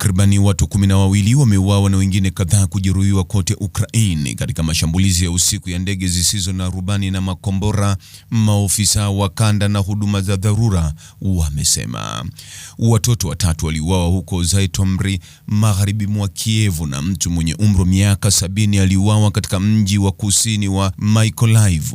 Takribani watu kumi na wawili wameuawa na wengine kadhaa kujeruhiwa kote Ukraine katika mashambulizi ya usiku ya ndege zisizo na rubani na makombora, maofisa wa kanda na huduma za dharura wamesema. Watoto watatu waliuawa huko Zaitomri, magharibi mwa Kievu, na mtu mwenye umri wa miaka sabini aliuawa katika mji wa kusini wa Mykolaiv,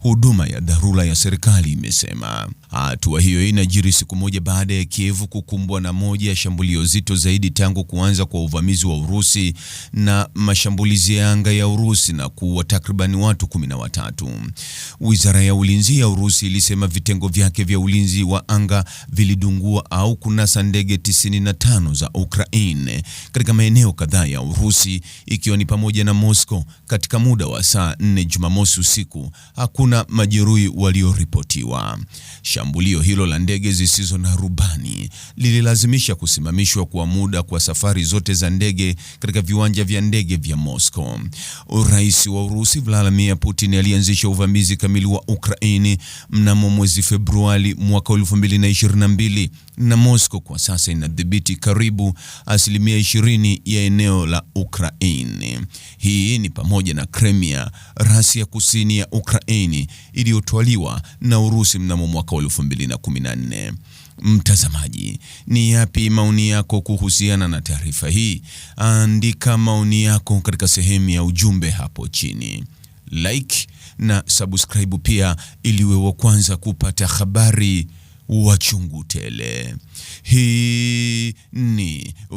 huduma ya dharura ya serikali imesema. Hatua hiyo inajiri siku moja baada ya Kievu kukumbwa na moja ya shambulio zito zaidi zaidi tangu kuanza kwa uvamizi wa Urusi na mashambulizi ya anga ya Urusi na kuua takribani watu kumi na watatu. Wizara ya Ulinzi ya Urusi ilisema vitengo vyake vya ulinzi wa anga vilidungua au kunasa ndege 95 za Ukraine katika maeneo kadhaa ya Urusi ikiwa ni pamoja na Moscow katika muda wa saa 4 Jumamosi usiku. Hakuna majeruhi walioripotiwa. Shambulio hilo la ndege zisizo na rubani lililazimisha kusimamishwa kwa muda muda kwa safari zote za ndege katika viwanja vya ndege vya Moscow. Rais wa Urusi Vladimir Putin alianzisha uvamizi kamili wa Ukraini mnamo mwezi Februari mwaka 2022 na Moscow kwa sasa inadhibiti karibu asilimia 20 ya eneo la Ukraini. Hii ni pamoja na Crimea, rasi ya kusini ya Ukraini iliyotwaliwa na Urusi mnamo mwaka 2014. Mtazamaji, ni yapi maoni yako kuhusiana na taarifa hii? Andika maoni yako katika sehemu ya ujumbe hapo chini. Like na subscribe pia iliwe wa kwanza kupata habari wa chungu tele. Hii